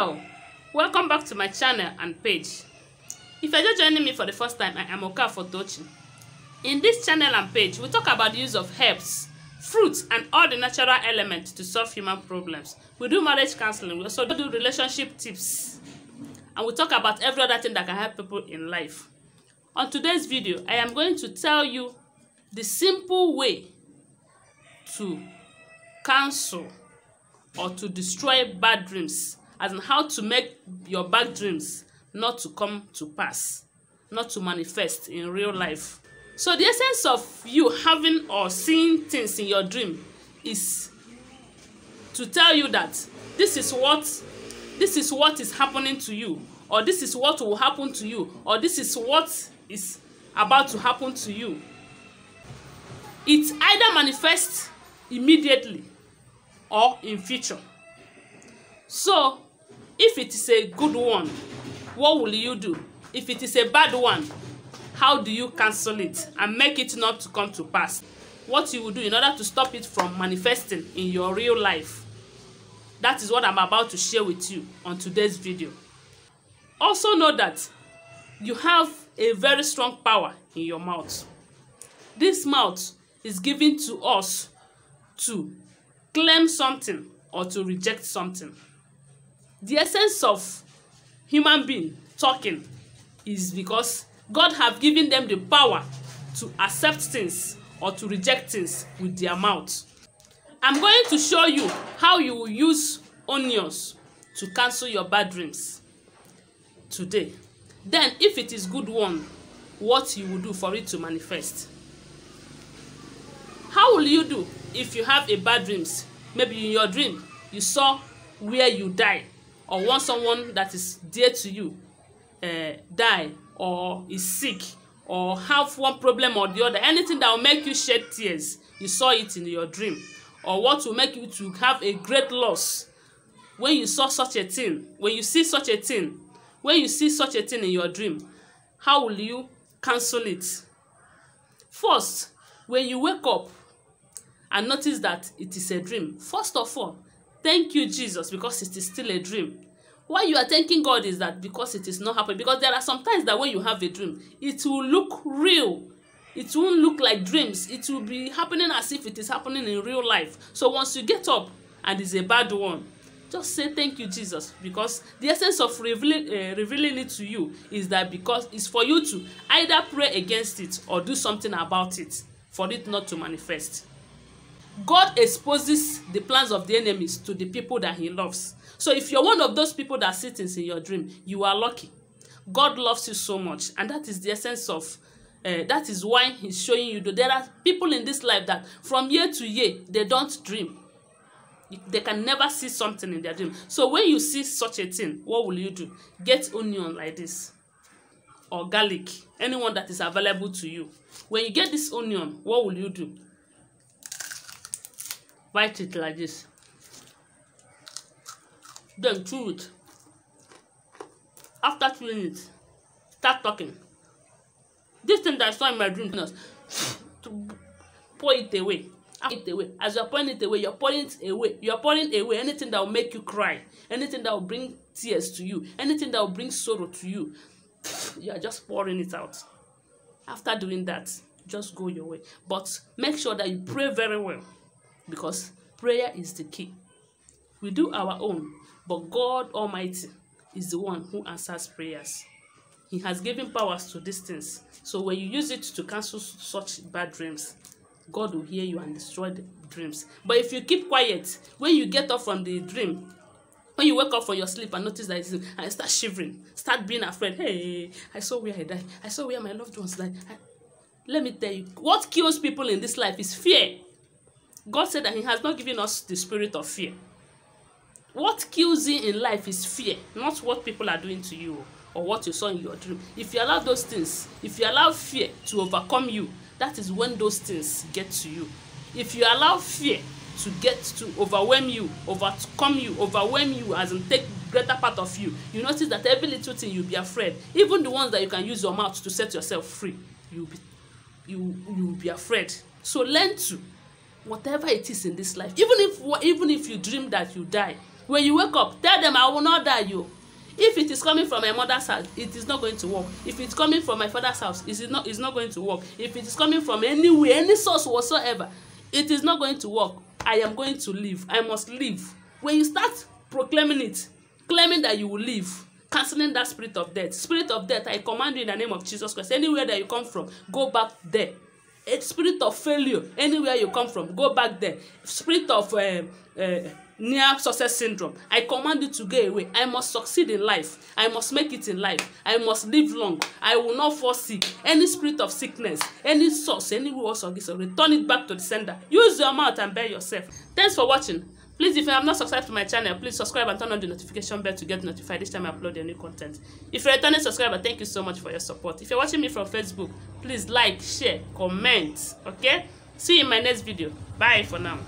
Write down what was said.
Hello, welcome back to my channel and page. If you're just joining me for the first time, I am Okafor Tochi. In this channel and page, we talk about the use of herbs, fruits, and all the natural elements to solve human problems. We do marriage counseling, we also do relationship tips, and we talk about every other thing that can help people in life. On today's video, I am going to tell you the simple way to cancel or to destroy bad dreams as in how to make your bad dreams not to come to pass, not to manifest in real life. So the essence of you having or seeing things in your dream is to tell you that this is what this is what is happening to you or this is what will happen to you or this is what is about to happen to you. It either manifests immediately or in future. So If it is a good one, what will you do? If it is a bad one, how do you cancel it and make it not to come to pass? What you will do in order to stop it from manifesting in your real life. That is what I'm about to share with you on today's video. Also know that you have a very strong power in your mouth. This mouth is given to us to claim something or to reject something the essence of human being talking is because God have given them the power to accept things or to reject things with their mouth. I'm going to show you how you will use onions to cancel your bad dreams today. Then if it is good one, what you will do for it to manifest. How will you do if you have a bad dreams? Maybe in your dream you saw where you die or once someone that is dear to you uh, die or is sick or have one problem or the other anything that will make you shed tears you saw it in your dream or what will make you to have a great loss when you saw such a thing when you see such a thing when you see such a thing in your dream how will you cancel it first when you wake up and notice that it is a dream first of all thank you jesus because it is still a dream why you are thanking god is that because it is not happening because there are sometimes that when you have a dream it will look real it won't look like dreams it will be happening as if it is happening in real life so once you get up and it's a bad one just say thank you jesus because the essence of revealing uh, revealing it to you is that because it's for you to either pray against it or do something about it for it not to manifest God exposes the plans of the enemies to the people that he loves. So if you're one of those people that sittings in your dream, you are lucky. God loves you so much. And that is the essence of, uh, that is why he's showing you. That there are people in this life that from year to year, they don't dream. They can never see something in their dream. So when you see such a thing, what will you do? Get onion like this or garlic, anyone that is available to you. When you get this onion, what will you do? write it like this then chew it after chewing it start talking this thing that i saw in my dream to pour it away pour it away as you're pouring it away you're pouring it away you're pouring away anything that will make you cry anything that will bring tears to you anything that will bring sorrow to you you are just pouring it out after doing that just go your way but make sure that you pray very well because prayer is the key. We do our own, but God Almighty is the one who answers prayers. He has given powers to these things. So when you use it to cancel such bad dreams, God will hear you and destroy the dreams. But if you keep quiet, when you get up from the dream, when you wake up from your sleep and notice that it's, and start shivering, start being afraid. Hey, I saw where I died. I saw where my loved ones died. I, let me tell you, what kills people in this life is fear. God said that He has not given us the spirit of fear. What kills you in life is fear, not what people are doing to you or what you saw in your dream. If you allow those things, if you allow fear to overcome you, that is when those things get to you. If you allow fear to get to overwhelm you, overcome you, overwhelm you, as in take greater part of you, you notice that every little thing you'll be afraid. Even the ones that you can use your mouth to set yourself free, you'll be, you, you'll be afraid. So learn to whatever it is in this life even if even if you dream that you die when you wake up tell them i will not die you if it is coming from my mother's house it is not going to work if it is coming from my father's house it is not it is not going to work if it is coming from anywhere any source whatsoever it is not going to work i am going to leave. i must leave. when you start proclaiming it claiming that you will leave, cancelling that spirit of death spirit of death i command you in the name of jesus christ anywhere that you come from go back there Eh, spirit of failure anywhere you come from go back there spirit of uh, uh, near success syndrome i command you to get away i must succeed in life i must make it in life i must live long i will not fall sick any spirit of sickness any source any or also return it back to the sender use your mouth and bear yourself thanks for watching Please, if you have not subscribed to my channel, please subscribe and turn on the notification bell to get notified each time I upload a new content. If you're a returning subscriber, thank you so much for your support. If you're watching me from Facebook, please like, share, comment, okay? See you in my next video. Bye for now.